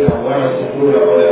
Gracias.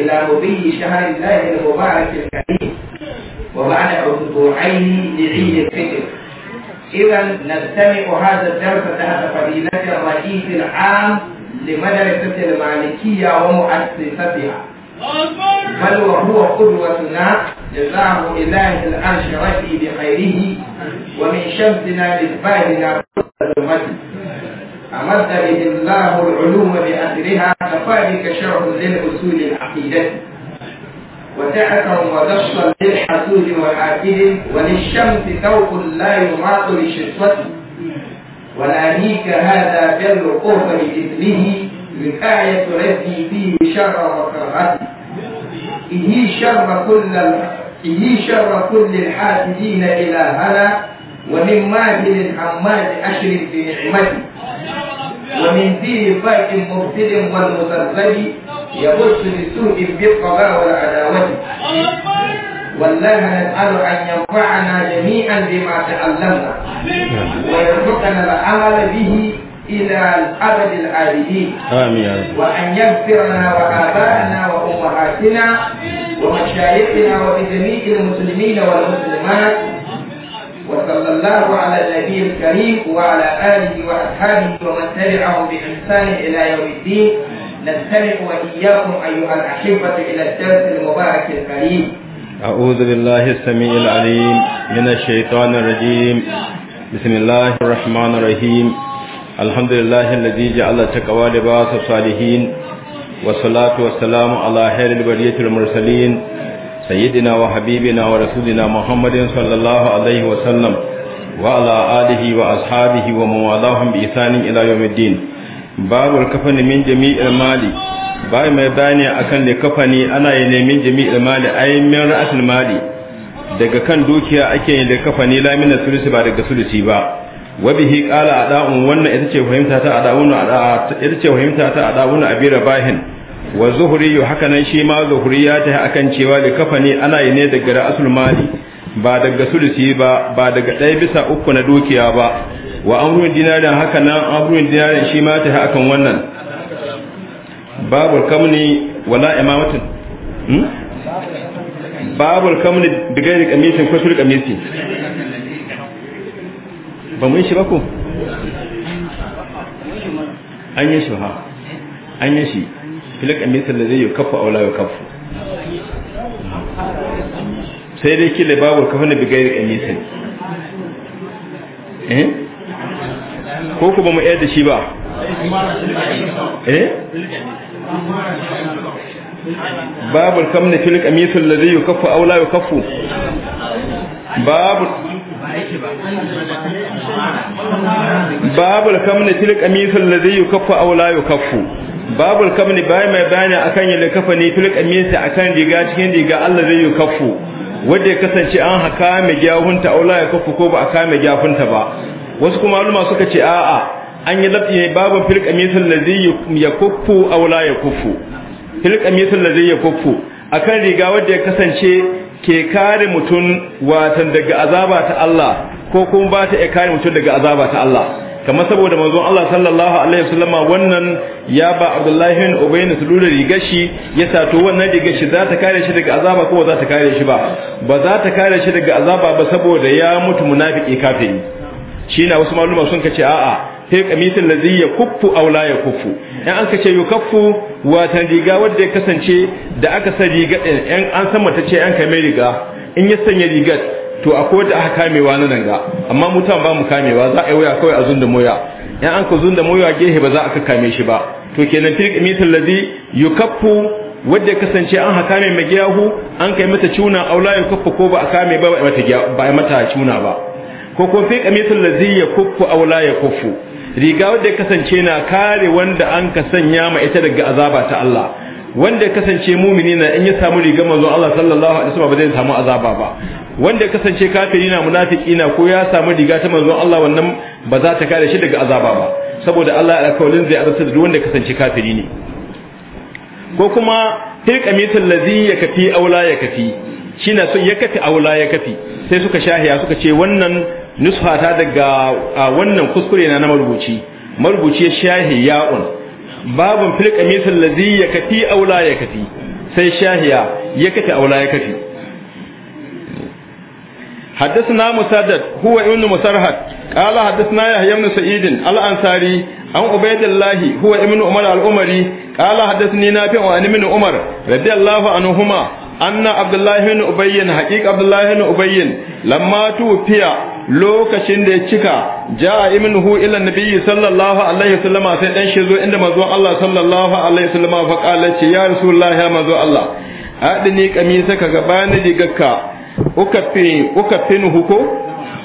إلى مضي شهر الله المبارك الكريم وبعد أسبوعين لعيد الفطر إذا نستمع هذا الدرس تحت فضيلة الرئيس العام لمدرسة المالكية ومؤسستها بل وهو قدوتنا جزاه إله العرش ربي بخيره ومن شمسنا لإثباتنا المجد أمد به الله العلوم بأثرها كفاذك شرح للأصول العقيدة وتعثر ودشا للحسود وحاسد وللشمس ثوب لا يماط لشسوته وناهيك هذا بل القرب بإذنه وقاية ردي فيه شر وكرهة إيه شر كل إيه شر كل الحاسدين إلى هلا ومن ماهل الحماد أشرف بنعمته ومن فيه فاك مبتل والمسلسل يبث للسوء بالقضاء والعداوة والله نسأل أن ينفعنا جميعا بما تعلمنا ويرزقنا العمل به إلى الأبد الآبدين آمين وأن يغفر لنا وآبائنا وأمهاتنا ومشايخنا وبجميع المسلمين والمسلمات وصلى الله على النبي الكريم وعلى آله وأصحابه ومن تبعهم بإحسان إلى يوم الدين نستمع وإياكم أيها الأحبة إلى الدرس المبارك الكريم أعوذ بالله السميع العليم من الشيطان الرجيم بسم الله الرحمن الرحيم الحمد لله الذي جعل تقوى لباس الصالحين والصلاة والسلام على خير البرية المرسلين سيدنا وحبيبنا ورسولنا محمد صلى الله عليه وسلم وعلى آله وأصحابه وموالاهم بإحسان إلى يوم الدين باب الكفن من جميع المال bai mai bayani akan likafani ana yi nemin jami'il mali ai min ra'atul mali daga kan dukiya ake yin likafani lamina min sulusi ba daga sulusi ba wa bihi qala ada'un wannan ita ce fahimta ta ada'un ita ce fahimta ta ada'un wa zuhuri haka nan shi ma zuhuri ya ta akan cewa da kafani ana yi ne daga ra'asul mali ba daga sulusi ba ba daga ɗaya bisa uku na dukiya ba wa amrun dinarin haka nan amrun dinarin shi ma ta akan wannan babul kamni wala imamatin hmm? babul kamni daga gairi kamisin ko sul kamisi ba mun shi ba ko an yi shi ha an yi shi filak amisar da zai yi kafa ya kafu sai dai kila kafa na bigayar eh ko ba mu yadda shi ba eh babu da zai yi kafa ya kafu babu babu babu kamni bai mai bayani akan yin likafani fil qamisi akan riga cikin riga Allah zai yi kafu wanda ya kasance an haka mai gyahunta aula ya kafu ko ba a kame gyahunta ba wasu kuma maluma suka ce a'a an yi lafi babul fil qamisi allazi ya kufu aula ya kuffu fil qamisi allazi ya kuffu akan riga wanda ya kasance ke kare mutum watan daga azaba ta Allah ko kuma ba ta kare mutum daga azaba ta Allah kamar saboda manzon Allah sallallahu alaihi wasallam wannan ya ba Abdullahi bin Ubay ne tulu rigashi rigar shi ya sato wannan rigar shi za ta kare shi daga azaba ko za ta kare shi ba ba za ta kare shi daga azaba ba saboda ya mutu munafiki kafiri shi na wasu maluma sun kace a'a sai kamisin lazi ya kuffu aw la ya kuffu in an kace yukaffu wata riga wanda ya kasance da aka sa riga din an san mata ce an kai mai riga in ya sanya rigar to a kota aka kamewa na nan amma mutan ba mu kamewa za a yi waya kawai a zunda moya yan an ka zunda moya gehe ba za a kame shi ba to kenan tilk mitul ladhi yukaffu wadda kasance an haka mai magiyahu an kai mata cuna aula yukaffu ko ba a kame ba ba mata cuna ba ko ko fi kamitul ladhi yukaffu aula kuffu riga wadda kasance na kare wanda an ka sanya ma ita daga azaba ta Allah wanda ya kasance mumini na in ya samu rigar manzon Allah sallallahu alaihi wasallam ba zai samu azaba ba wanda ya kasance kafiri na munafiki na ko ya samu riga ta manzo Allah wannan ba za ta kare shi daga azaba ba saboda Allah ya alƙawarin zai azabta da wanda ya kasance kafiri ne ko kuma tilqamitul ladhi yakfi aula yakfi shine so yakfi aula yakfi sai suka shahiya suka ce wannan nusfata ta daga wannan kuskure na na marubuci marubuci ya shahi ya'un babun fil qamisil ladhi yakati aw la yakati sai shahiya yakati aw la yakati حدثنا مسدد هو ابن مسرهد قال حدثنا يحيى بن سعيد الانصاري عن عبيد الله هو ابن عمر العمري قال حدثني نافع عن ابن عمر رضي الله عنهما أن عبد الله بن أبي حقيق عبد الله بن أبي لما توفي lokacin da ya cika ja'a ibnuhu ila nabiyyi sallallahu alaihi wasallam sai dan shi zo inda manzo Allah sallallahu alaihi wasallam fa qala ce ya rasulullahi ya manzo Allah adini kamisa ka ga bani digakka uka fi uka finhu ko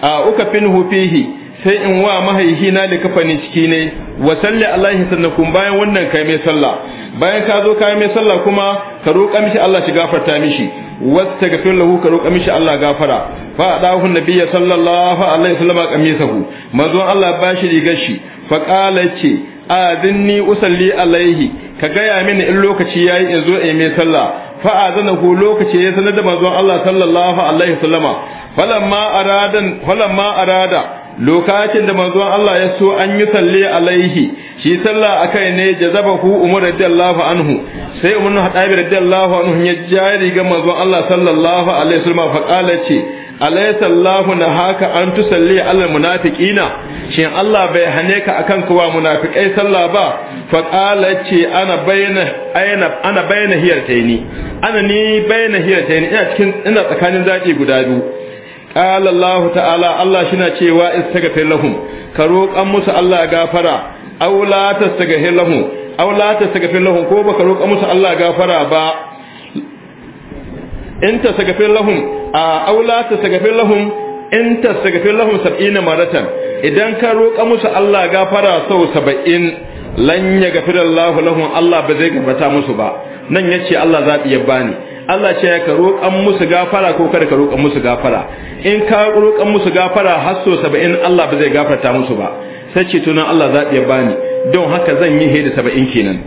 a uka finhu fihi sai in wa mahaihina da kafani ciki ne wa salli alaihi sannakum bayan wannan kai mai sallah bayan ka zo kai mai sallah kuma ka roƙa mishi Allah shi gafarta mishi wastaghfir lahu ka roƙa mishi Allah gafara fa adahu nabiyyi sallallahu alaihi wasallam qamisahu manzo Allah ba shi rigar shi fa qala ce azinni usalli alaihi ka gaya mini in lokaci yayi in zo mai sallah fa azanahu lokaci ya sanar da manzo Allah sallallahu alaihi wasallama falamma aradan falamma arada lokacin da manzon Allah ya so an yi salli alaihi shi sallah akai ne jazabahu Umar radiyallahu anhu sai Umar Hadabi radiyallahu anhu ya jari ga manzon Allah sallallahu alaihi wasallam fa kala ce alaysa Allahu nahaka an tusalli alal munafiqina shin Allah bai hane ka akan kuwa munafiqai sallah ba fa kala ce ana bayna ayna ana bayna hiyartaini ana ni bayna hiyartaini ina cikin ina tsakanin zaki guda biyu qala ta'ala Allah shina cewa istaghfir lahum ka roƙan musu Allah gafara aw la tastaghfir lahum aw la tastaghfir lahum ko baka roƙan musu Allah gafara ba in tastaghfir lahum aw la tastaghfir lahum in tastaghfir lahum 70 idan ka roƙa musu Allah gafara sau 70 lan yaghfirallahu lahum Allah ba zai gafarta musu ba nan yace Allah zabi iya bani Allah ce ya ka roƙan musu gafara ko kada ka roƙan musu gafara in ka roƙan musu gafara har so 70 Allah ba zai gafarta musu ba sai ce tunan Allah za ya bani don haka zan yi hedi 70 kenan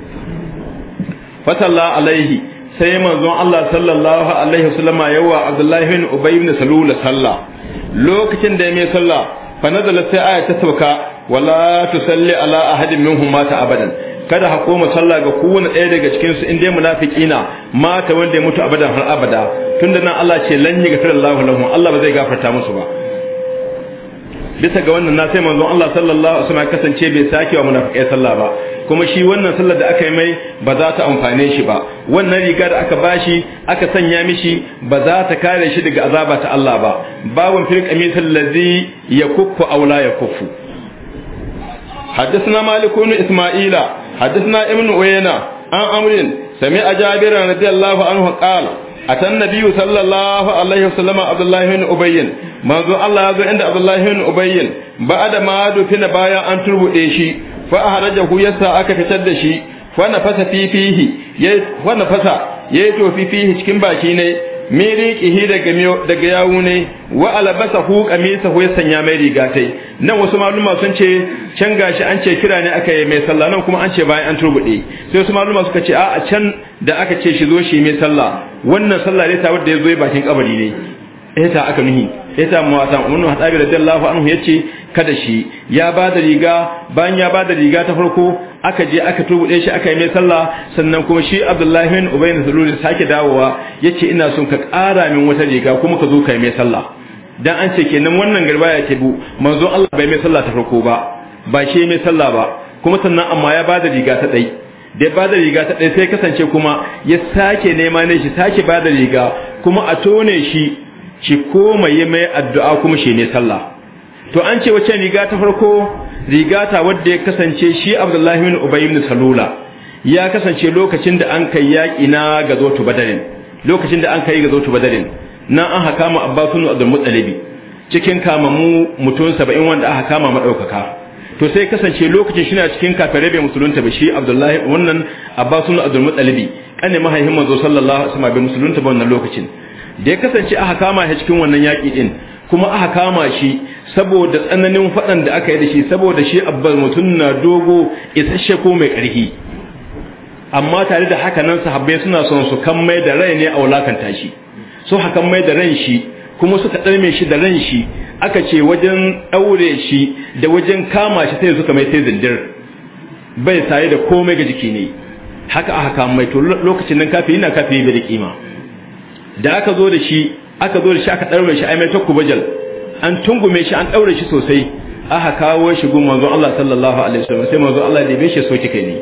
fatalla alaihi sai manzon Allah sallallahu alaihi wasallama yawa Abdullahi bin Ubay bin Salul sallah lokacin da ya mai salla fa nazala sai aya ta sauka wala tusalli ala ahadin minhum mata abadan kada ha koma sallah ga kowane ɗaya daga cikin su in dai munafiki na mata wanda ya mutu abadan har abada tunda nan Allah ce lan yi gafara Allahu lahu Allah ba zai gafarta musu ba bisa ga wannan na sai manzon Allah sallallahu alaihi wasallam kasance bai sake wa munafiki sallah ba kuma shi wannan sallar da aka yi mai ba za ta amfane shi ba wannan riga da aka bashi aka sanya mishi ba za ta kare shi daga azaba ta Allah ba babun fil qamisal ladhi yakuffu aw la yakuffu حدثنا مالك بن حدثنا ابن عيينة عن أمر سمع جابر رضي الله عنه قال أتى النبي صلى الله عليه وسلم عبد الله بن أبي منذ الله يزو عند عبد الله بن أبي بعد ما دفن بايا أن تربو شي فأخرجه يسا أكا فتد شي ونفس في فيه ونفس يتو في فيه cikin baki ne min riqihi daga daga yawu ne wa hu qamisa ya sanya mai riga tai nan wasu maluma sun ce can gashi an ce kira ne aka yi mai sallah nan kuma an ce bayan an turbude sai wasu maluma suka ce a a can da aka ce shi zo shi mai sallah wannan sallah ne ta wanda ya zo bakin kabari ne ita aka nuhi ita mu wasan ummu hadabi radiyallahu anhu yace kada shi ya bada riga bayan ya bada riga ta farko aka je aka tubude shi aka yi mai sallah sannan kuma shi Abdullahi bin Ubay bin Salul sake dawowa yace ina son ka ƙara min wata riga kuma ka zo ka yi mai sallah dan an ce kenan wannan garba ya ce bu manzo Allah bai mai sallah ta farko ba ba shi mai sallah ba kuma sannan amma ya bada riga ta dai da ba da riga ta dai sai kasance kuma ya sake nema ne shi sake bada riga kuma a tone shi shi koma yi mai addu'a kuma shi ne sallah to an ce wacce riga ta farko riga ta wadda ya kasance shi abdullahi min ubayi min salula ya kasance lokacin da an kai yaƙi na tuba badarin lokacin da an kai tuba badarin na an haka mu abbasun abdul muttalibi cikin kamamu mutum saba'in wanda aka kama madaukaka to sai kasance lokacin shi na cikin kafirai bai musulunta ba shi abdullahi wannan abbasun abdul muttalibi kanne mahaifin manzo sallallahu alaihi wasallam bai musulunta ba wannan lokacin da ya kasance aka kama shi cikin wannan yaƙi din kuma aka kama shi saboda tsananin faɗan da aka yi da shi saboda shi abbal mutum na dogo isasshe ko mai ƙarfi amma tare da haka nan sahabbai suna son su kan mai da rai ne a wulakanta shi su haka mai da ran shi kuma suka ɗarme shi da ran shi aka ce wajen ɗaure shi da wajen kama shi sai suka mai sai zindir bai saye da komai ga jiki ne haka aka kama mai to lokacin nan kafi na kafi bai da kima da aka zo da shi aka zo da shi aka ɗaure shi ai mai takku bajal an tungume shi an ɗaure shi sosai aka kawo shi gun manzon Allah sallallahu alaihi wasallam sai manzon Allah da bai shi soke kai ne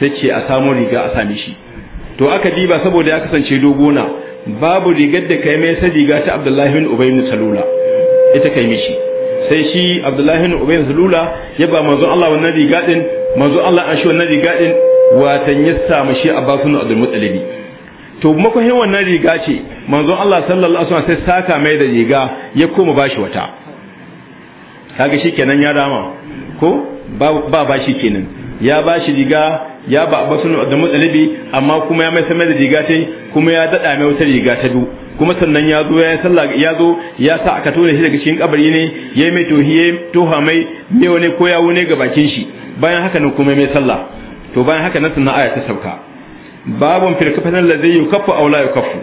sai ce a samu riga a sami shi to aka diba saboda ya kasance dogona babu rigar da kai mai sai riga ta Abdullahi bin Ubay bin Salula ita kai mishi sai shi Abdullahi bin Ubay bin Salula ya ba manzon Allah wannan riga din manzon Allah an shi wannan riga din watan ya samu shi Abbas Abdul Muttalibi to makwai wannan riga ce manzo Allah sallallahu alaihi wasallam sai saka mai da riga ya koma bashi wata kaga shikenan ya dama ko ba bashi kenan ya bashi riga ya ba basun da mutsalibi amma kuma ya mai mai da riga ce kuma ya dada mai wata riga ta du kuma sannan ya zo ya salla ya zo ya sa aka tone shi daga cikin kabari ne yayi mai tohiye toha mai ne wani ko ya wune ga bakin shi bayan haka ne kuma mai sallah to bayan haka nan sunna aya ta sauka babun fil kafanin allazi yukaffu aw la yukaffu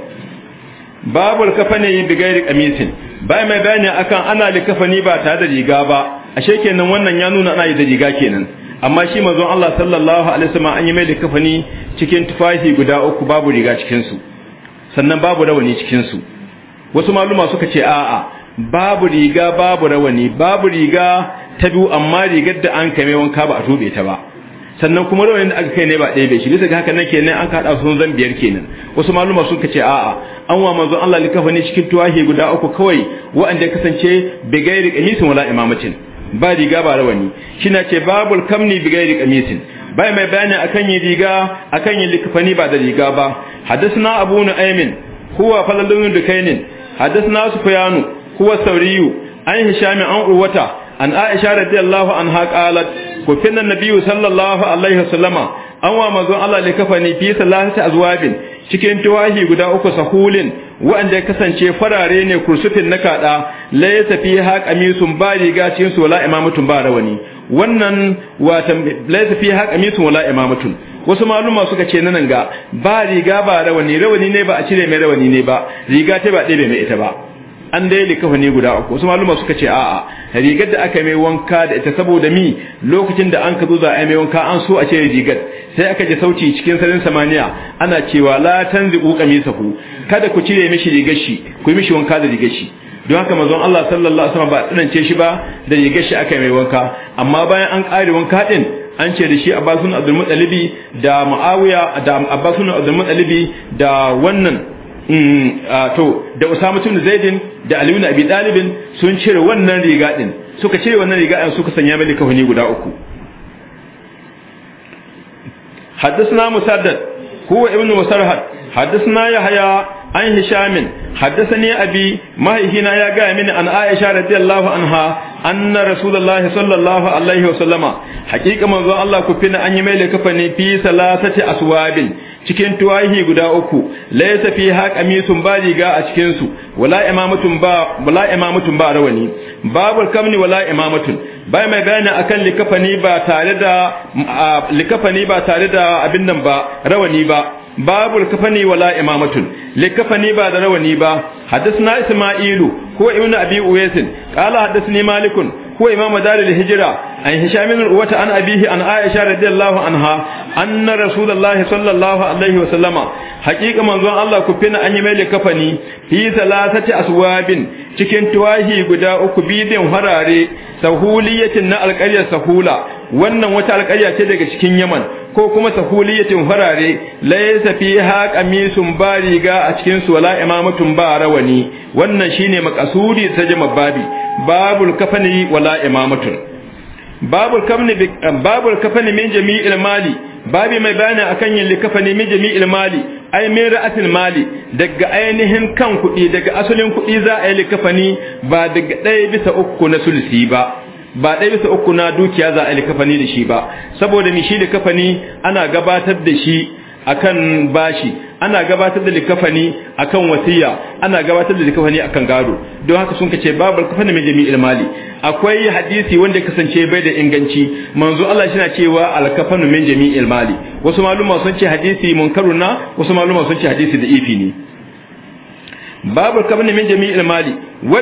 babul kafani bi ghairi qamisin bai mai bayani akan ana likafani ba tare da riga ba ashe kenan wannan ya nuna ana yi da riga kenan amma shi manzon Allah sallallahu alaihi wasallam an yi mai likafani cikin tufafi guda uku babu riga cikin su sannan babu rawani cikin su wasu maluma suka ce a'a babu riga babu rawani babu riga ta biyu amma rigar da an kame wanka ba a tube ta ba sannan kuma rawayin da aka kai ne ba ɗaya bai shi bisa ga haka ke ne an kaɗa su zan biyar kenan wasu maluma sun kace a'a an wa manzon Allah likafa ne cikin tuwahi guda uku kawai wa'anda kasance gairi qamisin wala imamatin ba riga ba rawani shina ce babul kamni gairi qamisin bai mai bayani akan yi riga akan yi likafani ba da riga ba hadisna abu nu'aymin huwa falalun dukainin hadisna sufyanu huwa sauriyu an hishami an urwata an aisha radiyallahu anha qalat Ko nan nabiyu sallallahu alaihi wasallama an wa manzon Allah ne kafani fi salati azwabin cikin tuwahi guda uku sahulin wa'anda ya kasance farare ne kursufin na kada laysa fi ha qamisun ba riga cikin su wala imamatun ba rawani wannan watan laysa fi ha qamisun wala imamatun wasu maluma suka ce nan ga ba riga ba rawani rawani ne ba a cire mai rawani ne ba riga ta ba ɗebe mai ita ba an dai likafa ne guda uku wasu maluma suka ce a'a rigar da aka mai wanka da ita saboda mi lokacin da an ka zo za a mai wanka an so a ce rigar sai aka ji sauci cikin sarin samaniya ana cewa la tanziqu ku. kada ku cire mishi rigar shi ku yi mishi wanka da rigar shi don haka manzon Allah sallallahu alaihi wasallam ba tsanance shi ba da rigar shi aka mai wanka amma bayan an kare wanka din an ce da shi Abbasun Abdul Muttalibi da Muawiya da Abbasun Abdul da wannan Mm, ah, da Osamah, tuni Zaidin da Aliwani Abi, ɗalibin sun cire wannan riga ɗin, suka cire wannan riga ɗin suka sanya mani kahoni guda uku. Haddasu na Musaadat, kowa yaunowa Sarhar, haddasu an hisha min, haddasa ni ya abi, mahaifi na ya gaya mini an aisha da jiyar anha, an na sallallahu alaihi wa salama, haƙiƙa maza Allah ku fina an yi mai leka fanni fi salasati a cikin tuwahi guda uku laysa fi haqamisun ba riga a cikin su wala imamatun ba wala imamatun ba rawani babul kamni wala imamatun bai mai bayani akan likafani ba tare da likafani ba tare da abin nan ba rawani ba babul kafani wala imamatun likafani ba da rawani ba hadathna isma'ilu ko ibnu abi uwaisin qala hadathni malikun. هو إمام دار الهجرة عن هشام بن عروة عن أبيه عن عائشة رضي الله عنها أن رسول الله صلى الله عليه وسلم حقيقة من ظن الله كفنا أن يميل كفني في ثلاثة أسواب cikin tuwahi guda uku bidin harare sahuliyatin na alƙaryar sahula wannan wata alƙarya ce daga cikin Yaman ko kuma sahuliyatin farare laysa fiha qamisun ba riga a cikin su wala imamatun ba rawani wannan shine makasudi ta jama babi babul kafani wala imamatun babul kafani babul kafani min jami'il mali babi mai bayani akan yin likafani min jami'il mali ai min ra'atil mali daga ainihin kan kuɗi daga asalin kuɗi za a yi likafani ba daga ɗaya bisa uku na sulsi ba ba ɗaya bisa uku na dukiya za a kafani da shi ba saboda mi shi da kafani ana gabatar da shi akan bashi ana gabatar da likafani akan wasiya ana gabatar da likafani akan gado don haka sun kace babu likafani mai jami'il mali akwai hadisi wanda kasance bai da inganci manzo Allah shi na cewa alkafanu min jami'il mali wasu maluma sun ce hadisi munkaruna wasu maluma sun ce hadisi da ifi ne babu kabni min jami'il mali wa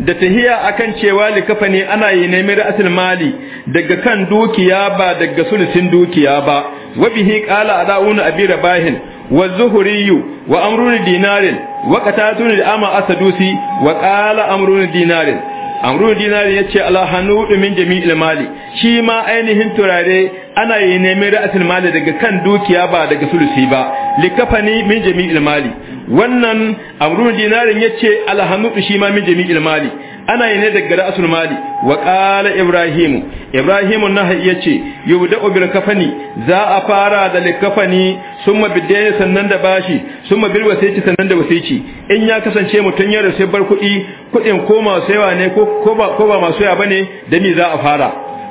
da tahiya akan cewa likafani ana yi ne mali daga kan dukiya ba daga sulusin dukiya ba wa bihi qala adauna abi bahin wa zuhriyu wa amrun dinarin wa qatatun al-ama asadusi wa qala amrun dinarin amru dinari yace ala hanu min jami'il mali shi ma ainihin turare ana yi neman ra'atul mali daga kan dukiya ba daga sulusi ba likafani min jami'il mali wannan amru dinarin yace ala hanu shi ma min jami'il mali ana yi ne daga ra'asul mali wa qala ibrahim ibrahim nahi yace yubda'u bil kafani za a fara da likafani summa bidaya sannan da bashi summa bil wasici sannan da wasici in ya kasance mutun ya rase bar kuɗi kudin ko masu yawa ne ko ko ba ko ba masu yawa bane da me za a fara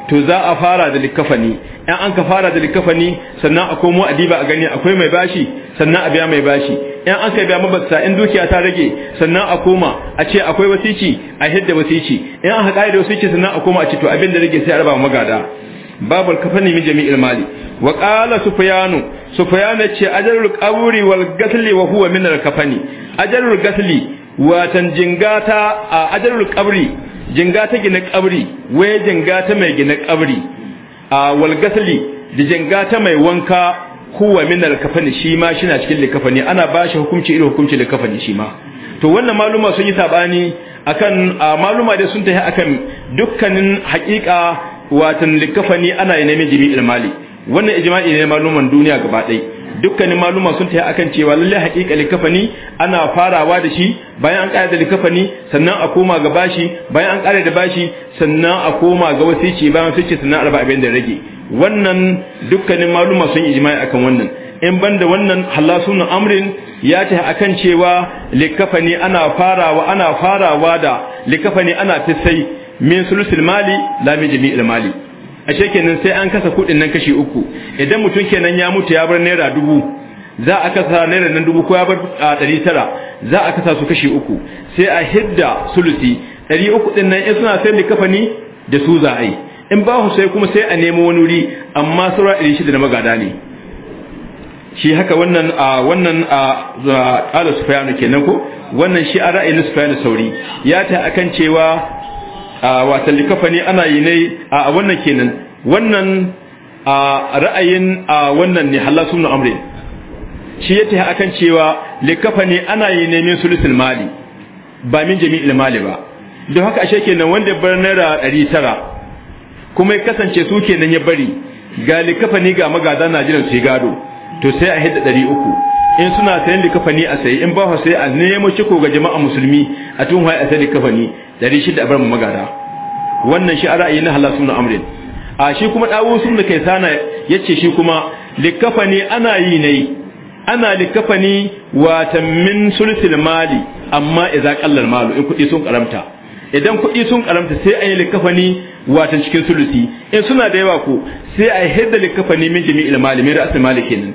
to za a fara da likafani in an ka fara da likafani sannan a komo adiba a gani akwai mai bashi sannan a biya mai bashi in an kai biya mabasta in dukiya ta rage sannan a koma a ce akwai wasici a hidda wasici in aka haƙa da wasici sannan a koma a ce to abin da rage sai a raba magada babu kafani min jami'il mali wa qala sufyanu ya ce ajrul qaburi wal gatli wa huwa min al kafani ajrul wa tan jingata a ajrul qabri jingata gina qabri wai jingata mai gina qabri a wal gatli da jingata mai wanka huwa min al-kafani shi ma shina cikin likafani ana ba shi hukunci irin hukunci likafani shi ma to wannan maluma sun yi sabani akan maluma dai sun tafi akan dukkanin haqiqa watan likafani ana yi namiji bi ilmali wannan ijma'i ne maluman duniya gaba ɗaya dukkanin maluma sun taya akan cewa lallai haƙiƙa likafani ana farawa da shi bayan an ƙara da likafani sannan a koma ga bashi bayan an ƙara da bashi sannan a koma ga wasici bayan wasici sannan arba abin da rage wannan dukkanin maluma sun ijma'i akan wannan in banda wannan halasun amrin ya ta akan cewa likafani ana farawa ana farawa da likafani ana fisai min sulusul mali la min jami'il mali ashe kenan sai an kasa kuɗin nan kashi uku idan mutum kenan ya mutu ya bar naira dubu za a kasa naira nan dubu ko ya bar ɗari tara za a kasa su kashi uku sai a hidda sulusi ɗari uku ɗin nan in suna sayar da kafani da su za a yi in ba su sai kuma sai a nemo wani wuri amma saura ɗari shida na magada ne shi haka wannan a wannan a ƙala sufiyanu kenan ko wannan shi a ra'ayin sufiyanu sauri ya ta akan cewa wata ne ana yi ne a wannan kenan wannan ra'ayin wannan ne halasu na amre. shi ya tafi akan cewa ne ana yi ne min sulusul mali ba min jami'il mali ba don haka ashe kenan wanda bar naira ɗari tara kuma ya kasance su kenan ya bari ga ne ga magada na jiran su gado to sai a hidda ɗari uku in suna sayan likafani a sayi in ba sai a nemo ciko ga jama'a musulmi a tun a sayi likafani Dari shida bar mu magada wannan shi a ra'ayi na halas ibn amrin a shi kuma dawo dawus kai sana yace shi kuma likafani ana yi ne ana likafani watan min sulsul mali amma idza qallal malu in kudi sun karamta idan kuɗi sun karamta sai a yi likafani watan cikin sulusi in suna da yawa ko sai a hadda likafani min jami'il mali min ra'sul mali kenan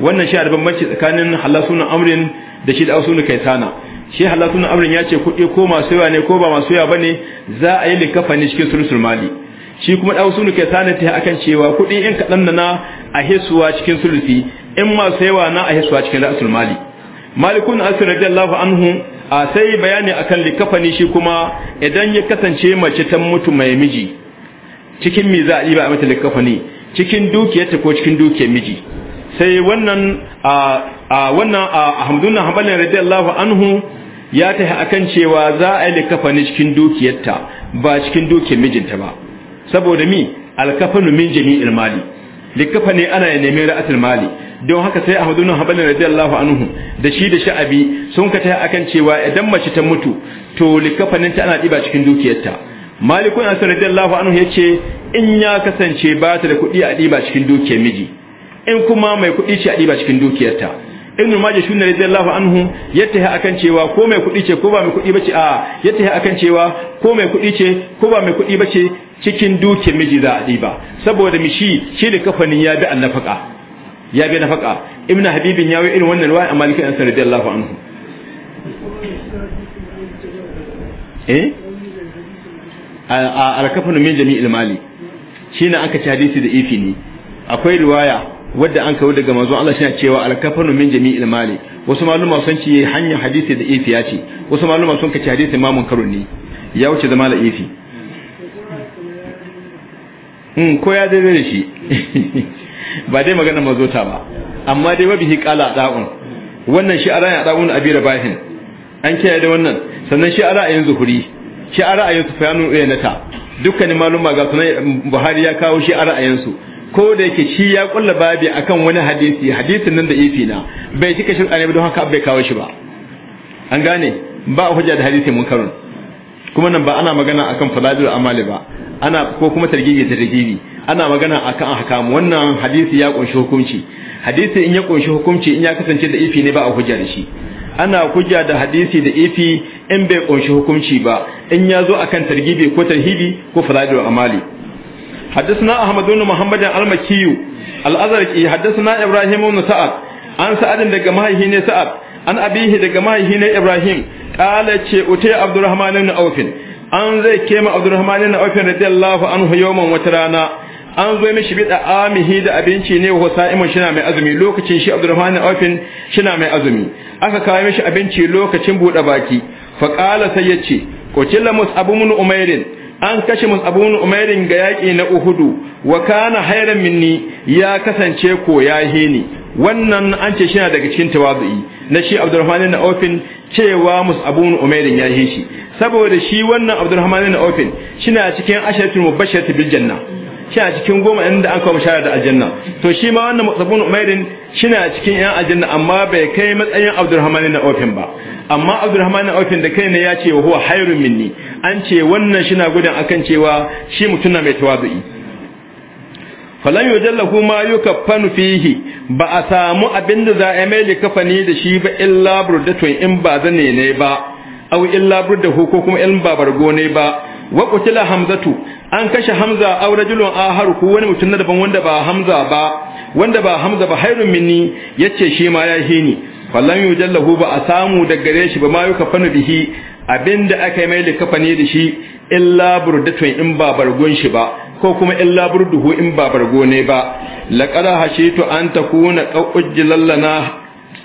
wannan shi a mace tsakanin halasuna amrin da shi da kai sana. shi halatun amrin ya ce kuɗi ko masu yawa ne ko ba masu yawa bane za a yi likafa ne cikin sulusul mali shi kuma da sunu ke sanata akan cewa kuɗi in kadan nana a hisuwa cikin sulusi in masu yawa na a hisuwa cikin ra'asul mali malikun asir radiyallahu anhu a sai bayani akan likafani shi kuma idan ya kasance mace ta mutu mai miji cikin me za a ɗiba a mata likafani cikin dukiyarta ko cikin dukiyar miji sai wannan a a wannan ahmadun hanbalin radiyallahu anhu ya tahi akan cewa za a yi likafani cikin dukiyarta ba cikin dukiyar mijinta ba saboda mi alkafanu min jami'il mali likafani ana ya nemi ra'atul mali don haka sai ahmadun hanbalin radiyallahu anhu da shi da sha'abi sun ka tahi akan cewa idan mace ta mutu to likafanin ta ana diba cikin dukiyarta malikun asir radiyallahu anhu yace in ya kasance ba ta da kuɗi a diba cikin dukiyar miji in kuma mai kuɗi ce a diba cikin dukiyarta ibn majah shunna radiyallahu anhu yattaha akan cewa ko mai kuɗi ce ko ba mai kuɗi bace a yattaha akan cewa ko mai kuɗi ce ko ba mai kuɗi bace cikin duke miji za a ɗiba saboda mishi shi da kafanin ya bi annafaka ya bi nafaka ibn habibin yawo irin wannan ruwa a malikin ansa radiyallahu anhu eh a kafanin min jami'il mali shine aka ci hadisi da ifi ne akwai riwaya wadda an kawo daga manzon Allah shine cewa al-kafanu min jami'il mali wasu maluma sun ce hanyar hadisi da ifiya ce wasu maluma sun kace hadisi mamun karun ne ya wuce zama da ifi hmm ko ya dai da shi ba dai magana mazota ba amma dai wabihi a da'un wannan shi a da'un abi bahin an kiyaye da wannan sannan shi yanzu zuhuri shi ara'in fayanun iyanata dukkanin maluma ga sunan buhari ya kawo shi ara'in su ko da yake shi ya kulla babi akan wani hadisi hadisin nan da ifi na bai cika shi ne don haka bai kawo shi ba an gane ba hujja da hadisi munkarun kuma nan ba ana magana akan fadadul amali ba ana ko kuma targibi targibi ana magana akan ahkam wannan hadisi ya kunshi hukunci hadisi in ya kunshi hukunci in ya kasance da ifi ne ba a hujja da shi ana hujja da hadisi da ifi in bai kunshi hukunci ba in ya zo akan targibi ko tarhibi ko fadadul amali حدثنا أحمد بن محمد المكي الأزرقي حدثنا إبراهيم بن سعد عن سعد دغ ماهي سعد عن أبيه دغ ماهي إبراهيم قال تشي أتي عبد الرحمن بن عوف an zai kema abdurrahman ofin auf radiyallahu anhu yawman wata rana an zo mishi da amihi da abinci ne wa sa'imun shina mai azumi lokacin shi abdurrahman ibn auf shina mai azumi aka kawo mishi abinci lokacin buɗe baki fa ya ce yace lamus mus'ab ibn umayr an kashe mus'abun umairin ga yaki na uhudu wa kana hairan minni ya kasance ko ya heni wannan an ce shi daga cikin tawazu'i na shi abdurrahman na ofin cewa mus'abun umairin ya he shi saboda shi wannan abdurrahman na ofin na cikin ashatul mubashshir bil janna shi a cikin goma ɗin da an kawo bishara da aljanna to shi ma wannan mutsabun umairin shi a cikin yan aljanna amma bai kai matsayin abdurrahman na ofin ba amma abdurrahman na ofin da kai ne ya ce huwa hairun minni an ce wannan shi na gudun akan cewa shi mutum na mai tawazu'i falan ma kuma yukaffanu fihi ba a samu abinda da za a mai likafani da shi ba illa tun in ba zane ne ba aw illa burdahu ko kuma in ba ne ba wa qutila hamzatu an kashe hamza aw rajulun ahar ko wani mutum na daban wanda ba hamza ba wanda ba hamza ba hairun minni yace shi ma ya hini fallan yujallahu ba a samu da gare shi ba ma yuka fanu bihi abinda aka yi mai likafani da shi illa burdatun in ba bargon shi ba ko kuma illa burduhu in ba bargo ne ba laqad hashitu an takuna qawjilallana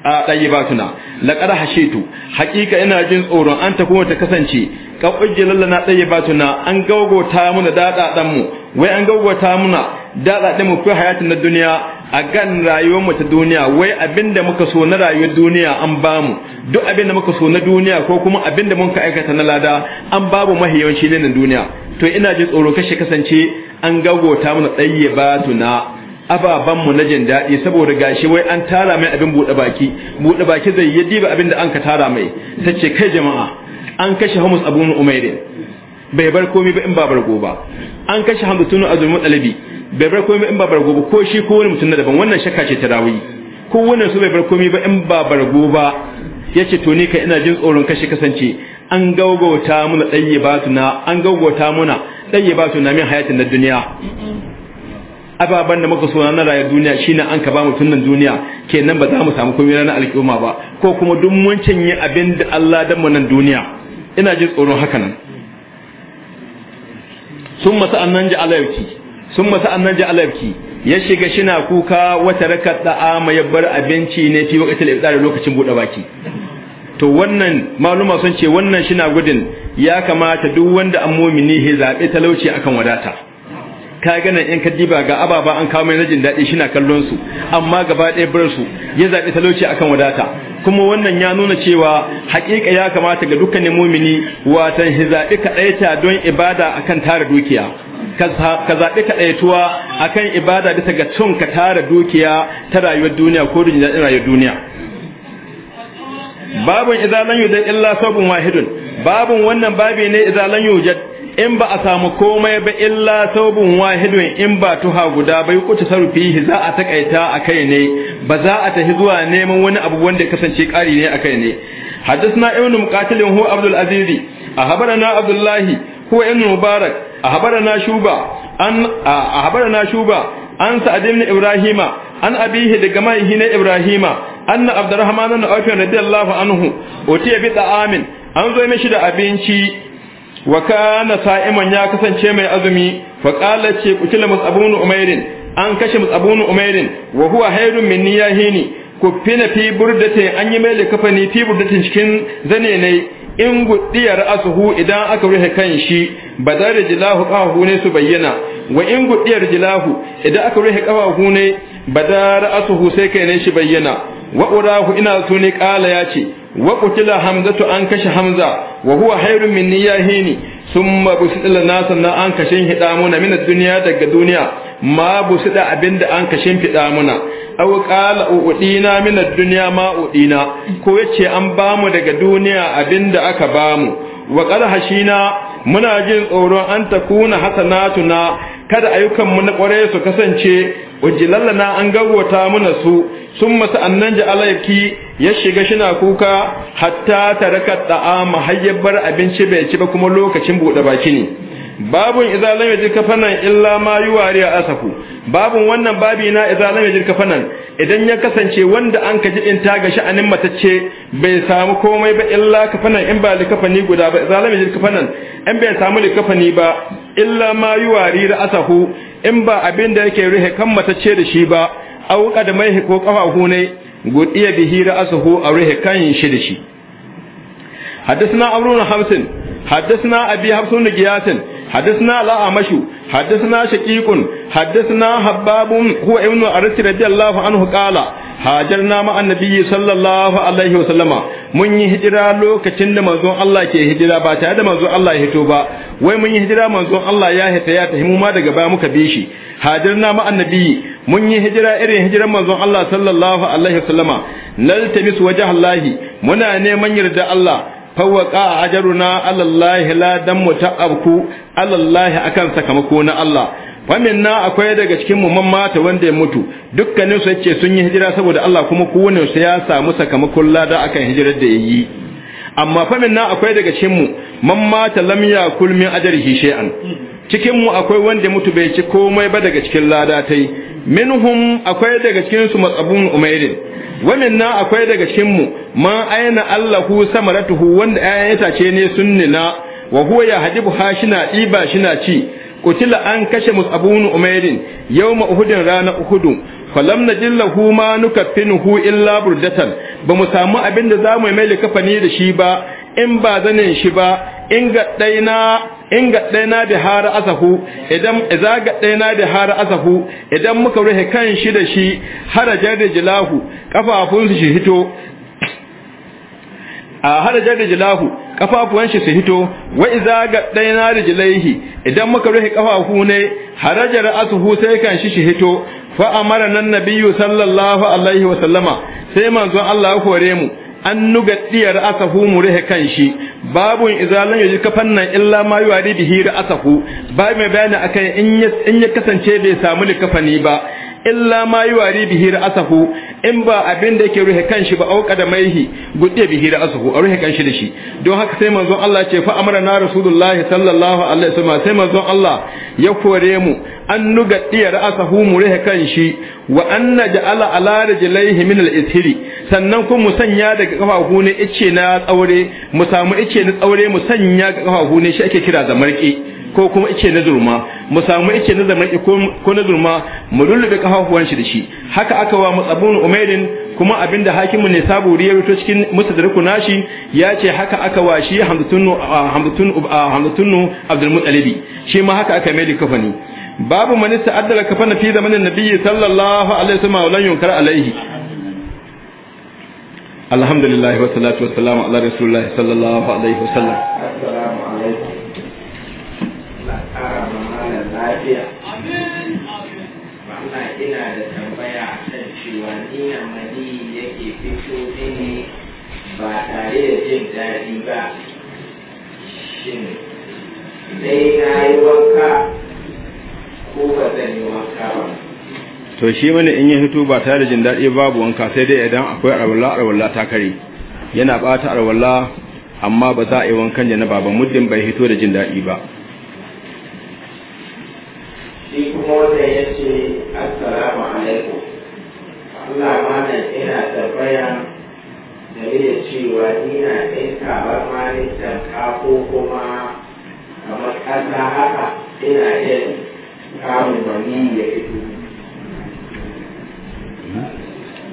a ɗaya ba tuna laƙar hashetu haƙiƙa ina jin tsoron an takuna ta kasance ka ɗaya ba tuna an gaugota muna dadadan wai an gaugota muna dadadan mu fi hayatin na duniya a gan rayuwar mu ta duniya wai abinda muka so na rayuwar duniya an bamu duk abinda muka so na duniya ko kuma abinda muka aikata na lada an babu yawanci ne na duniya to ina ji tsoro kashe kasance an gaugota muna batuna ababanmu na jin daɗi saboda gashi wai an tara mai abin buɗe baki buɗe baki zai yi diba abin da an ka tara mai ta kai jama'a an kashe Hamus Abu Umayr bai bar komai ba in ba bargo ba an kashe Hamdutun Abdul Muttalibi bai bar komai ba in ba bargo ba ko shi ko wani mutum na daban wannan shakka ce ta rawi ko wannan su bai bar komai ba in ba bargo ba yace to ni ka ina jin tsoron kashe kasance an gaugauta muna dayyibatu na an gaugauta na min hayatin na duniya ababen da muka suna na rayuwar duniya shine an ka ba mu tunan duniya kenan ba za mu samu komai na al'umma ba ko kuma duk mun cinye abin da Allah dan mu nan duniya ina jin tsoron haka nan sun masa annan ji alayki sun masa annan ji alayki ya shiga shina kuka wata rakat da'a ya bar abinci ne fi wakatil ibdar lokacin buɗe baki to wannan maluma sun ce wannan shina gudun ya kamata duk wanda an mumini ya zabe talauci akan wadata ka ganin in ka diba ga ababa an kawo mai na jin daɗi shi na kallon su amma gaba ɗaya bar su ya zaɓi talauci akan wadata kuma wannan ya nuna cewa haƙiƙa ya kamata ga dukkanin mumini watan shi zaɓi kaɗaita don ibada akan tara dukiya ka zaɓi kaɗaituwa tuwa akan ibada bisa ga cin ka tara dukiya ta rayuwar duniya ko rijin daɗin rayuwar duniya idan izalan yujad illa sabun wahidun babun wannan babi ne izalan yujad in ba a samu komai ba illa saubun wahidun in ba tuha guda bai kuta sarufi za a takaita a kai ne ba za a tafi zuwa neman wani abu wanda kasance ƙari ne a kai ne حدثنا ابن مقاتل هو عبد العزيز أخبرنا عبد الله هو ابن مبارك أخبرنا شوبة أن أخبرنا شوبة أن سعد بن إبراهيم أن أبيه لجماعه إبراهيم أن عبد الرحمن بن عوف رضي الله عنه أتي بطعام an zo mishi da abinci wa kana sa'iman ya kasance mai azumi fa qala ce kutila musabun umairin an kashe musabun umairin wa huwa hayrun min niyahini fina fi burdatin an yi mai kafani fi burdatin cikin zane ne in gudiyar asuhu idan aka rufe kan shi badar jilahu qahu ne su bayyana wa in gudiyar jilahu idan aka rufe hu ne badar asuhu sai kai ne shi bayyana wa urahu ina suni qala ya ce wa hamzatu an kashe hamza wa huwa khairun min niyahini summa busila nasan na an kashe hida muna min duniya daga duniya ma busida abinda an kashe fida muna aw qala udina min duniya ma udina ko yace an bamu daga duniya abinda aka bamu wa qala hashina muna jin tsoron an takuna hasanatuna kada ayyukan mu na kware su kasance na an gawwata muna su sun masu annan ja'alaki ya shiga shina kuka hatta taraka da'ama hayyabar abinci bai ci ba kuma lokacin buɗe baki ne babun idza lam yajid kafanan illa ma yuwari asaku babun wannan babi na idza lam yajid kafanan idan ya kasance wanda an ka jidin ta ga sha'anin matacce bai samu komai ba illa kafanan in ba likafani guda ba idza lam yajid kafanan in bai samu likafani ba illa ma yuwari asahu in ba abin da yake ruhe kan ce da shi ba a da mai ko kafa ne guɗiya bihi hira a a ruhe kan shi da shi haddasna abu na hamsin haddasna abi hamsin da giyasin haddasna la'amashu haddasna shakikun haddasna habbabun huwa ibnu arsi radiyallahu anhu qala hajarna ma annabi sallallahu alaihi wasallama mun yi hijira lokacin da manzon Allah ke hijira ba tare da manzon Allah ya hito ba wai mun yi hijira manzon Allah ya hita ya tahimu ma daga baya muka bi shi hadirna ma annabi mun yi hijira irin hijiran manzon Allah sallallahu alaihi wasallama naltamis Allah muna neman yarda Allah fawwaqa ajruna alallahi la dan muta'abku alallahi akan sakamako na Allah faminna akwai daga cikin mu man mata wanda ya mutu dukkanin su yace sun yi hijira saboda Allah kuma kowanne su ya samu sakamakon lada akan hijirar da yayi amma fa minna akwai daga cikin mu man mata lam yakul min ajrihi shay'an cikin akwai wanda mutu bai ci komai ba daga cikin lada tai minhum akwai daga cikin su matsabun umairin wa minna akwai daga cikin mu man sama allahu samaratuhu wanda ayan itace ne sunnina wa huwa yahdibu hashina diba shina ci kutila an kashe musabun umairin yawma uhudin rana uhudun falam najil hu ma nukaffinuhu illa burdatan ba mu samu abin da zamu mai likafani da shi ba in ba zanin shi ba in ga daina in ga daina da har asahu idan idza ga daina da har asahu idan muka ruhe kan shi da shi harajar da jilahu kafafun shi hito a harajar da jilahu kafafuwan shi su hito wa iza ga daina rijlaihi idan muka rufe kafafu ne haraja ra'suhu sai kan shi shi hito fa amara nan nabiyyu sallallahu alaihi wa sallama sai manzon Allah ya hore mu an nuga diyar asahu mu rihe kan shi babu iza lan yaji kafan nan illa ma yuwari bihi asahu ba mai bayani akan in ya kasance bai samu likafani ba illa ma yuwari bihi ra'sahu in ba abin da yake ruhe kanshi ba auka da maihi gudde bihi ra'sahu a ruhe kanshi da shi don haka sai manzon Allah ce fa amara na rasulullah sallallahu alaihi wasallam sai manzon Allah ya kore mu an nuga diya ra'asahu mu ruhe kanshi wa an ja'ala ala rijlaihi min al-ithri sannan kuma sanya daga kafafu ne ice na tsaure mu samu ice na tsaure mu sanya ga kafafu ne shi ake kira zamarki ko kuma ice na zurma mu samu ice na zaman ko na zurma mu lullube kafafuwan shi da shi haka aka wa mutsabun umaidin kuma abinda hakimin ne saburi ya rito cikin mustadriku nashi ya ce haka aka wa shi hamdutunnu hamdutunnu hamdutunnu abdul shi ma haka aka mai kafani babu man ta'addala kafana fi zamanin nabiyyi sallallahu alaihi wasallam wa lan yunkar alaihi alhamdulillah wa salatu wa salam ala rasulillah sallallahu alaihi wasallam assalamu alaikum lafiya Amma ina da tambaya kan cewa niyan mani yake fito mini ba tare da jin daɗi ba shin dai na yi wanka ko ba zan yi wanka ba to shi mana in yi hito ba tare da jin daɗi babu wanka sai dai idan akwai arwalla arwalla ta kare yana ɓata arwalla amma ba za a yi wankan janaba ba muddin bai hito da jin daɗi ba kuma wanda ya ce assalamu alaikum Allah mana ina da game da cewa ina ɗinka ba ma tanka ko kuma kamar ƙasa haka ina yin kamun bani ya fito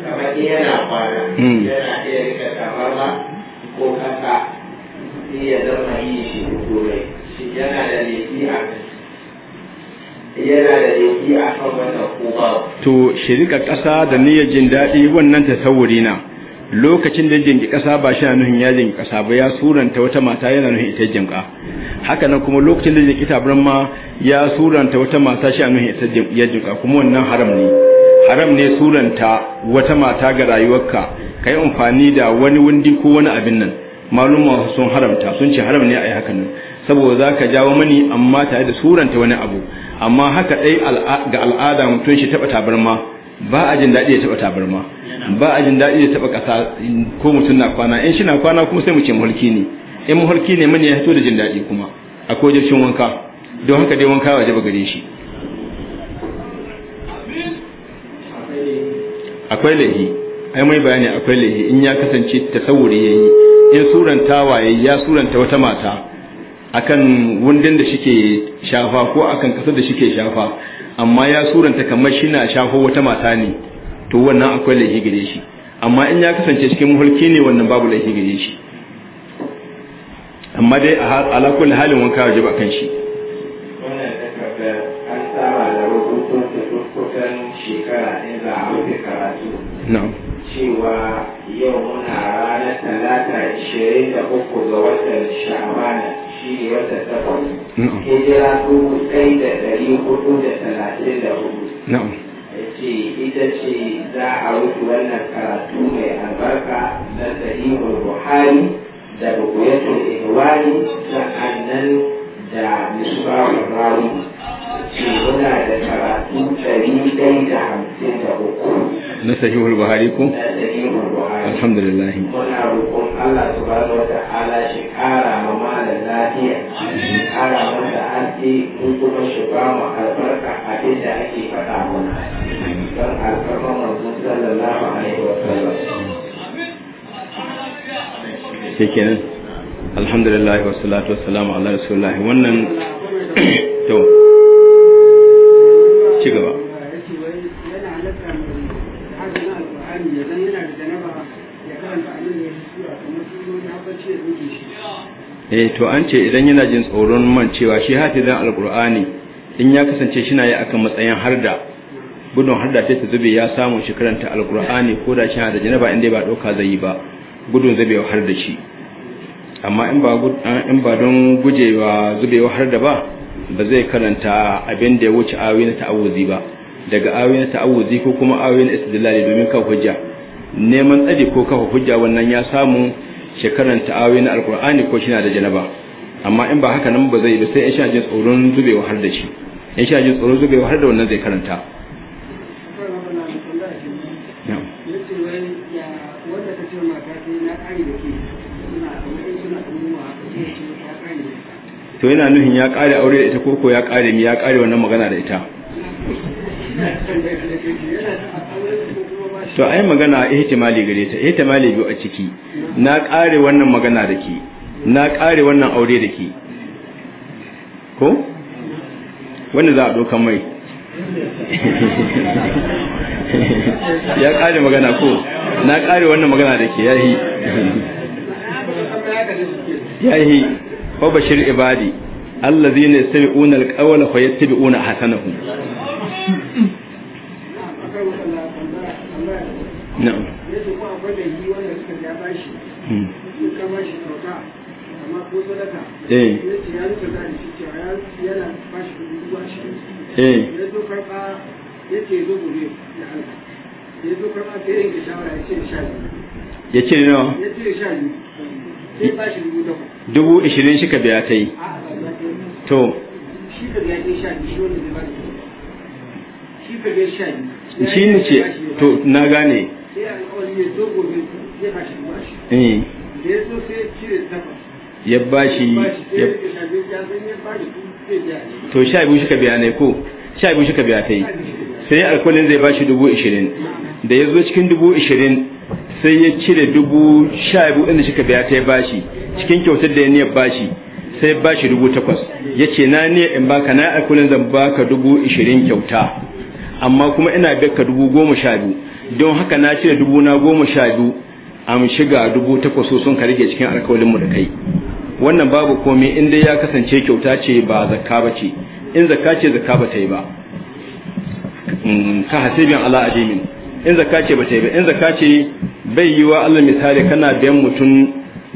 kamar yana kwana hmm. yana iya rika kamar ba ko ƙasa iya zama yi shi ko yana da laifi a yana da laifi a kan wannan ko to shirika ƙasa da niyyar jin daɗi wannan tasawuri na lokacin da jinki ƙasa ba shi na nuhin ya jinki ƙasa ba ya suranta wata mata yana nuhin ita jinka haka nan kuma lokacin da jinki tabarin ma ya suranta wata mata shi na nuhin ita ya jinka kuma wannan haram ne haram ne suranta wata mata ga rayuwarka ka yi amfani da wani wundi ko wani abin nan maluma sun haramta sun ce haram ne a yi hakan nan saboda za ka jawo mani amma tare da suranta wani abu amma haka dai ga al'ada mutum shi taba tabarma ba a jin daɗi ya taba tabarma ba a jin daɗi ya taba ƙasa ko mutum na kwana in shi na kwana kuma sai mu ce mulki ne in mulki ne mun ya fito da jin daɗi kuma akwai wajibcin wanka don haka dai wanka wajaba gare shi akwai lahi ai mai bayani akwai lahi in ya kasance tasawuri yayi in surantawa yayi ya suranta wata mata akan wundin da shike shafa ko akan kasar da shike shafa amma ya suranta kamar shi na shafo wata mata ne to wannan akwai laifi gare shi amma in ya kasance cikin mulki ne wannan babu laifi gare shi amma dai a alakul halin wanka waje ba kan shi cewa yau muna ranar talata 23 ga watan sha'abanin shi hijira da ɗari hudu da talatin da hudu ce ita ce za a rufe wannan karatu mai albarka na sahihul buhari da bukuyatul ihwani da misbahul rawi ce muna da karatu ɗari ɗai da hamsin da uku na sahihul buhari ko na sahihul buhari alhamdulillah muna roƙon Allah subhanahu wa ta'ala shi ƙara mana lafiya ƙara masa haske in kuma shi ba mu albarka a da ake faɗa mana don alfarma manzo sallallahu alaihi wa sallam alhamdulillah wa salatu wa salamu ala rasulullah wannan to ci gaba da ya a eh to an ce idan yana jin tsoron man cewa shi hafizan alqur'ani in ya kasance shi na yi akan matsayin harda gudun harda ta zube ya samu shi karanta alqur'ani ko da shi da janaba inda ba doka zai yi ba gudun zubewa harda harda shi amma in ba in ba don gujewa zubewa harda ba ba zai karanta abin da ya wuce ayoyi na ta'awuzi ba daga ayoyi ta'awuzi ko kuma ayoyi na istidlali domin ka hujja neman tsari ko kafa hujja wannan ya samu Shekaran ta'awi na alkur'ani ko shi na da janaba amma in ba haka nan ba zai ba sai in sha jin tsoron zubewa har da shi in sha jin tsoron zubewa har da wannan zai karanta to yana nuhin ya kare aure da ita ko ya kare mi ya kare wannan magana da ita to ai magana ihtimali gare ta ihtimali biyu a ciki na kare wannan magana da ke na kare wannan aure da ke ko wanda za a dokan mai ya kare magana ko na kare wannan magana da ke yahi yahi ko bashir ibadi allazina yastabi'una alqawla fa yattabi'una hasanahu na'am ya ce nawa ya ce sha ba shi dubu ishirin shika biya ta yi to shi shi ne ce to na gane ya bashi eh. to sha biyu shika biya ne ko sha biyu shika biya ta yi sai alkwalin zai ba shi dubu ishirin da ya zo cikin dubu ishirin sai ya cire dubu sha biyu inda shika biya ta ya shi. cikin kyautar da ya niyar shi sai ba shi dubu takwas ya ce na niyar in baka na alkwalin zan baka dubu ishirin kyauta amma kuma ina biyar ka dubu goma sha biyu don haka na cire dubu na goma sha biyu an shiga dubu takwas sun ka rage cikin alkawalinmu da kai wannan babu komai in dai ya kasance kyauta ce ba zakka ba ce in zakka ce zakka ba ta yi ba mm, ka hasibin ala ajimin in zakka ce ba ta yi ba in zakka ce bai yi wa allah misali kana biyan mutum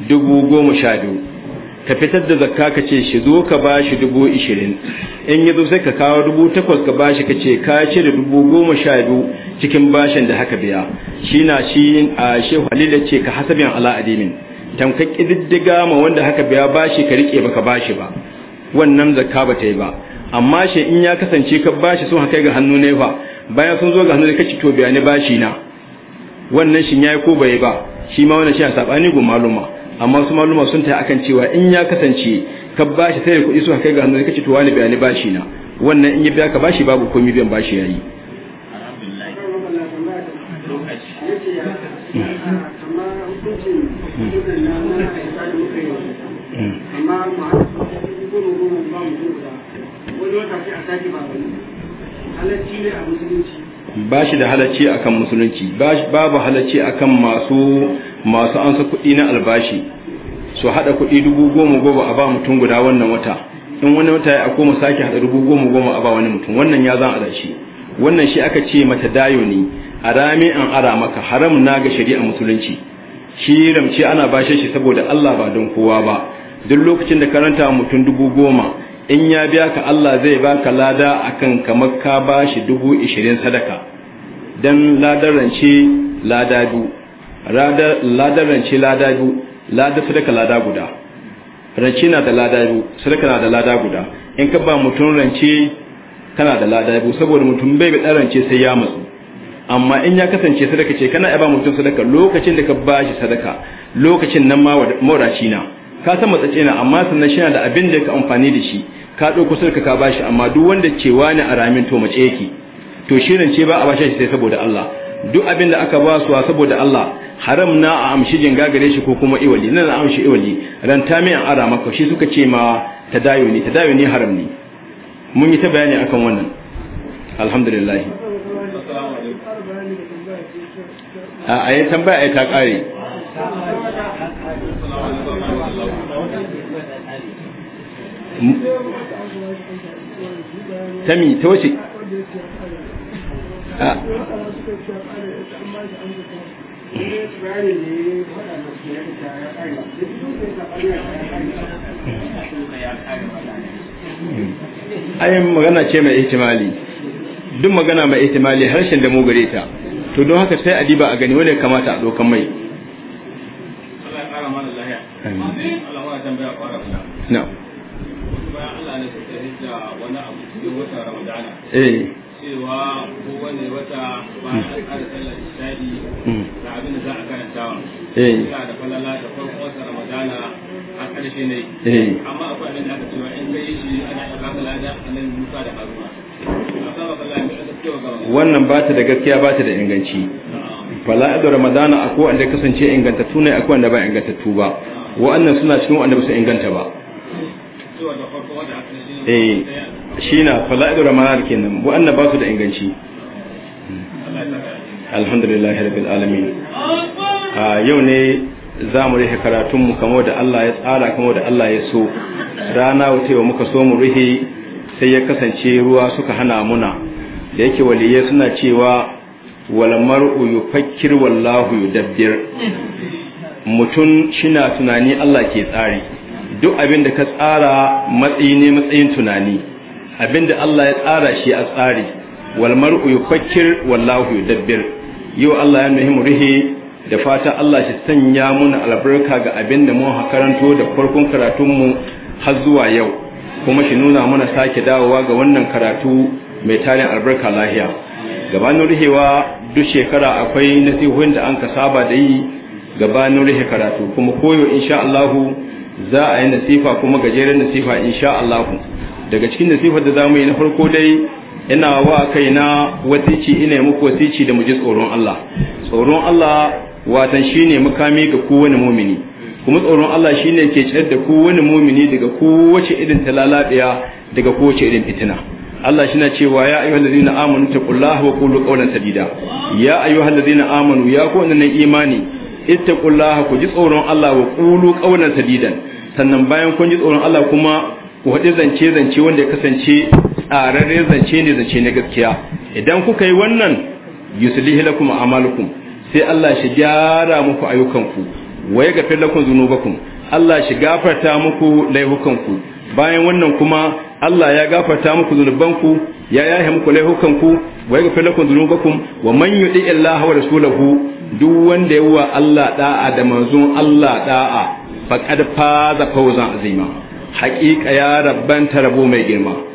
dubu goma sha biyu ka fitar da zakka ka ce shi zo ka ba shi dubu ishirin in ya zo sai ka kawo dubu takwas ka bashi ka ce ka ce da dubu goma sha biyu cikin bashin da haka biya shi na shi a shehu halila ce ka hasabin ala tamkar tamka ma wanda haka biya bashi ka rike baka bashi ba wannan zakka ba ta yi ba amma shi in ya kasance ka bashi sun haka ga hannu ne fa bayan sun zo ga hannu da kace to biya ne bashi na wannan shi ya yi ko bai ba shi ma wannan shi a sabani gumaluma maluma amma su maluma sun ta akan cewa in ya kasance ka bashi sai kuɗi suka kai ga hannu kace to wani bayani bashi na wannan in ya biya ka bashi babu komai biyan bashi yayi bashi da halacci akan musulunci babu halacci akan masu masu ansa kuɗi na albashi su haɗa kuɗi dubu goma goma a ba mutum guda wannan wata in wani wata ya mu sake haɗa dubu goma goma a ba wani mutum wannan ya zan ada shi wannan shi aka ce mata dayo ne a rami an ara maka haram na ga shari'a musulunci shi ramce ana bashe shi saboda Allah ba don kowa ba duk lokacin da karanta mutum dubu goma in ya biya ka Allah zai baka lada akan kamar ka bashi dubu ishirin sadaka dan ladar rance lada biyu ladar rance lada biyu ladar sadaka lada guda rance na da lada biyu sadaka na da lada guda in ka ba mutum rance kana da lada biyu saboda mutum bai bi rance sai ya matsu amma in ya kasance sadaka ce kana ba mutum sadaka lokacin da ka ba shi sadaka lokacin nan ma mawadaci na ka san matsace na amma sannan shi na da abin da ka amfani da shi ka ɗauko sadaka ka ba shi amma duk wanda cewa ne a ramin to mace yake to shi rance ba a ba shi sai saboda Allah duk abin da aka ba su saboda Allah haram na a amshi jinga gare shi ko kuma iwali nan a amshi iwali ranta mai an ara maka shi suka ce ma tadayo ne tadayo ne haram ne mun yi ta bayani akan wannan alhamdulillah a a tambaya a ta kare tami ta wace ayin magana ce mai ihtimali duk magana mai ihtimali harshen da mu gare ta to don haka sai a diba a gani wani kamata a dokan mai Allah ya a hmm. Ina Ramadana a ƙarshe ne. Wannan ba ta da gaskiya ba ta da inganci. Fala'idu Ramadana akwai wanda kasance ingantattu ne akwai wanda ba ingantattu ba. Wa'annan suna cikin wanda ba su inganta ba. Shi na fala'idur rahman kenan waɗanda ba su da inganci alhamdulillah rabbil alami a yau ne za mu rihe karatunmu kamo da Allah ya tsara kamo da Allah ya so rana wucewa muka so mu rihe sai ya kasance ruwa suka hana muna da yake waliye suna cewa walamar uyu fakir wallahu dabbir mutum shina tunani Allah ke tsari duk abin da ka tsara matsayi ne matsayin tunani abinda Allah ya tsara shi a tsari wal mar'u yufakkir wallahu yudabbir yau Allah ya muhimmu ruhi da fata Allah shi sanya muna albarka ga abinda mun karanto da farkon karatun mu har zuwa yau kuma shi nuna mana sake dawowa ga wannan karatu mai tarin albarka lahiya gabanin ruhewa duk shekara akwai nasihohin da an ka saba da yi gabanin ruhe karatu kuma koyo insha Allah za a yi nasifa kuma gajeren nasifa insha Allah daga cikin nasifar da za mu yi na farko dai ina wa kaina wasici ina muku wasici da mu ji tsoron Allah tsoron Allah watan shi ne mukami ga kowane mumini kuma tsoron Allah shi ne ke ciyar da kowane mumini daga kowace irin talalaɗiya daga kowace irin fitina Allah shi na cewa ya ayyuhal ladina amanu taqullaha wa qulu qawlan sadida ya ayyuhal ladina amanu ya ku wannan imani ittaqullaha ku ji tsoron Allah wa qulu qawlan sadidan sannan bayan kun ji tsoron Allah kuma wani zance zance wanda ya kasance rarre zance ne zance na gaskiya idan kuka yi wannan yuslihi lakum a'malukum sai Allah shi gyara muku ayyukanku wa yaghfir lakum dhunubakum Allah shi gafarta muku laihukanku. bayan wannan kuma Allah ya gafarta muku zunubanku ya yahe muku laihukanku, wa yaghfir lakum dhunubakum wa man yuti Allah wa rasulahu duk wanda yawa Allah da'a da manzon Allah da'a faqad faza fawzan azima haƙiƙa ya rabbanta rabo mai girma